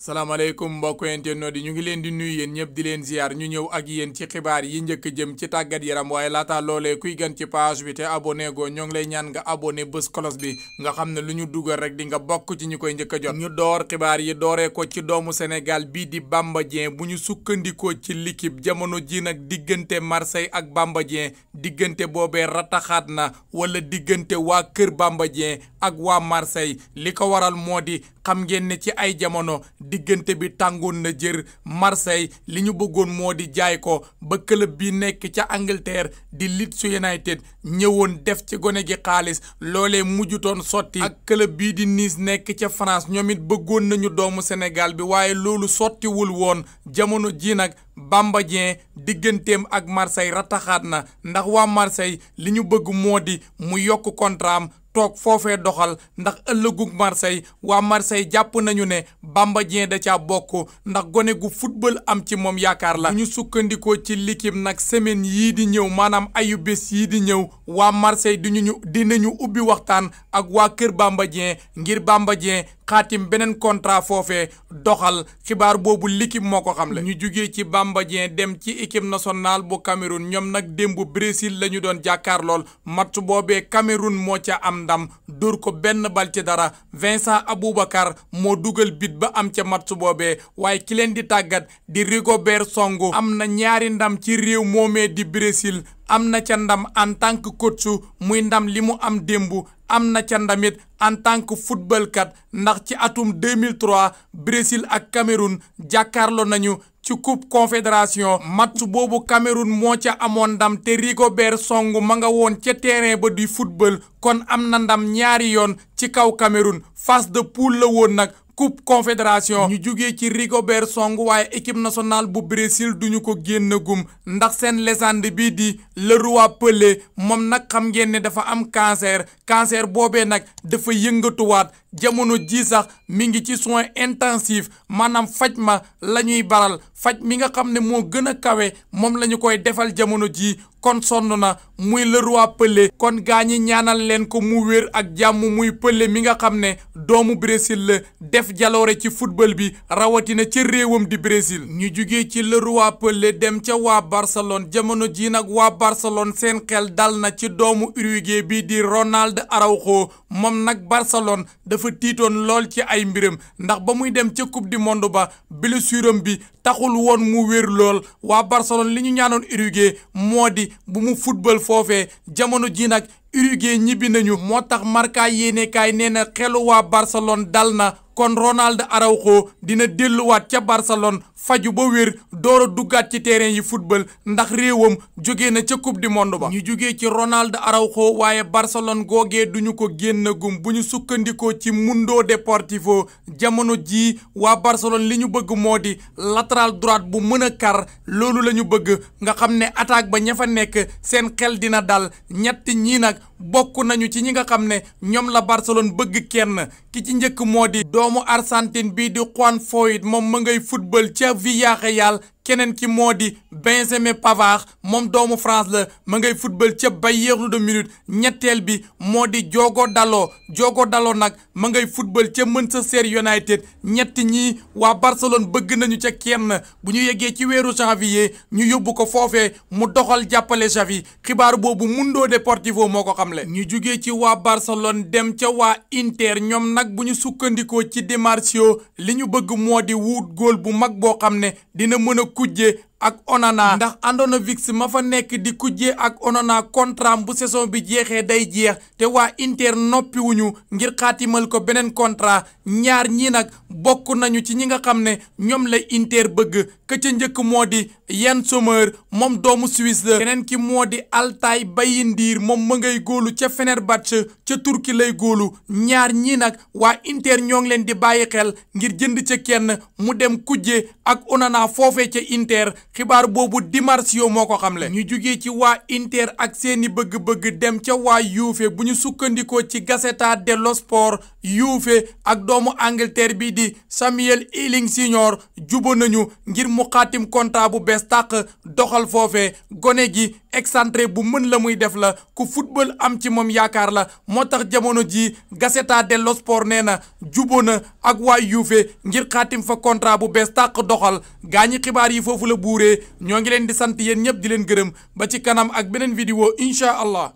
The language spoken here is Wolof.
salaamaaleykum mbokk noo di ñu ngi leen di nuyu yéen ñëpp di leen ziar ñu ñëw ak yéen ci xibaar yi njëkk jëm ci tàggat yaram waaye laata loolee kuy gan ci page bi te abonné goo ñoo ngi lay ñaan nga abonné bés kolos bi nga xam ne lu ñu dugal rek di nga bokk ci ñu koy njëkk a jot ñu door xibaar yi dooree ko ci doomu Sénégal bii di Bamba bu ñu sukkandikoo ci l'équipe jamono ji nag diggante Marseille ak Bamba diggante boobee rataxaat na wala diggante waa kër Bamba Dieng ak waa Marseille li ko waral moo di xam ngeen ne ci ay jamono diggante bi tàngoon na jër Marseille li ñu bëggoon moo di jaay ko ba club bi nekk ca Angleterre di Leeds United ñëwoon def ci gone gi xaalis loole mujjutoon sotti ak club bii di niis nekk ca France ñoom it bëggoon nañu doomu Sénégal bi waaye loolu sottiwul woon jamono ji nag Bamba digganteem ak Marseille rataxaat na ndax waa Marseille li ñu bëgg moo di mu yokk contraam toog foofee doxal ndax ëllëgug Marseille waa Marseille jàpp nañu ne Bamba da caa bokk ndax gone gu football am ci moom yaakaar la ñu sukkandikoo ci likim nag semaine yii di ñëw maanaam ayu bés yii di ñëw waa Marseille di ñu dinañu ubbi waxtaan ak waa kër Bamba ngir Bamba xaatim beneen contrat foofee doxal xibaar boobu l'équipe moo ko xamle ñu jugee ci Bamba dem ci équipe nationale bu Cameroun ñoom nag démb Brésil la ñu doon jàkkaar lool match boobee Cameroun moo ca am ndam dóor ko benn bal ci dara Vincent Aboubacar moo dugal bit ba am ca match boobee waaye ki leen di tàggat di Rigobert Songo am na ñaari ndam ci réew moomee di Brésil am na ca ndam en tant que coach muy ndam li mu am démb am na ca ndamit en tant que footballkat ndax ci atum 2003 Brésil ak Cameroun jàkkaarloo nañu ci coupe confédération match boobu Cameroun moo ca amoon ndam te Rigobert Song ma nga woon ca terrain ba di football kon am na ndam ñaari yoon ci kaw Cameroun phase de poule la woon nag coupe confédération ñu jóge ci Rigobert Song waaye équipe nationale bu Brésil duñu ko génn gum ndax seen légende bii di Leroy Pelé moom nag xam ngeen ne dafa am cancer cancer boobee nag dafa yëngatuwaat jamono ji sax mi ngi ci soins intensifs maanaam faj ma la ñuy baral faj mi nga xam ne moo gën a kawe moom la ñu koy defal jamono jii kon sonn na muy le roi kon gaañi ñaanal leen ko mu wér ak jàmm muy pële mi nga xam ne doomu Brésil la def jaloore ci football bi rawatina ca réewam di Brésil ñu jugee ci le pële dem ca waa Barcelone jamono jii nag waa Barcelone seen xel dal na ci doomu Uruguay bi di Ronald arawxo moom nag Barcelone dafa tiitoon lool ci ay mbiram ndax ba muy dem ca coupe du monde ba blessure am bi taxul woon mu wér lool waa Barcelone li ñu ñaanoon Uruguay moo di bu mu football foofee jamono ji nag Uruguay ñibbi nañu moo tax Marca yéenekaay nee na xelu waa Barcelone dal na kon Ronald arawxo dina delluwaat ca Barcelone faju ba wér doora duggaat ci terrain yi football ndax réewam jóge na ca coupe du monde ba. ñu jógee ci Ronald Araujo waaye Barcelone googee duñu ko génn gum bu ñu sukkandikoo ci Mundo Deportivo jamono jii waa Barcelone li ñu bëgg moo di latéral droite bu mën a kar loolu la ñu bëgg nga xam ne attaque ba ña fa nekk seen xel dina dal ñett ñii nag bokk nañu ci ñi nga xam ne ñoom la Barcelone bëgg kenn ki ci njëkk moo di. doomu Argentine bi di Juan Foyth moom ma ngay football ca Villarreal keneen ki moo di Benjamin Pavard moom doomu France la ma ngay football ca Bayern de Munich ñetteel bi moo di Diogo Dalot Diogo Dalot nag ma ngay football ca Manchester United ñett ñi waa Barcelone bëgg nañu ca kenn bu ñu yeggee ci weeru janvier ñu yóbbu ko foofee mu doxal jàppale Xavi xibaar boobu Mundo portivo moo ko xam xamle ñu jógee ci waa Barcelone dem ca waa Inter ñoom nag bu ñu sukkandikoo ci Di li ñu bëgg moo di wut góol bu mag boo xam ne dina mën a kujje ak onana ndax Andonovix ma fa nekk di kujjee ak onana contrat bu saison bi jeexee day jeex te waa Inter noppiwuñu ngir xaatimal ko beneen contrat ñaar ñii nag bokk nañu ci ñi nga xam ne ñoom la Inter bëgg ka ca njëkk moo di yan Sommer moom doomu Suisse la keneen ki moo di altaay Bayindir moom ma ngay góolu ca Fenerbahçe ca Turki lay góolu ñaar ñii nag waa Inter ñoo ngi leen di bàyyi xel ngir jënd ca kenn mu dem kujje ak onana foofee ca Inter xibaar boobu Dimarzio moo ko xam xamle ñu jugee ci waa Inter ak seeni bëgg-bëgg dem ca waa Juve bu ñu sukkandikoo ci Gazzetta dello Sport Juve ak doomu Angleterre bii di Samuel Ealing Senior jubo nañu ngir mu xaatim contrat bu bees tàq doxal foofe gone gi excentré bu mën la muy def la ku football am ci moom yaakaar la moo tax jamono ji Gazzetta dello Sport nee na jubo na ak waa Juve ngir xaatim fa contrat bu bees tàq doxal gaañi xibaar yi foofu ñoo ngi leen di sant yéen ñëpp di leen gërëm ba ci kanam ak beneen vidéo incha allah